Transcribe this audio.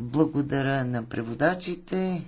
Благодаря на преводачите.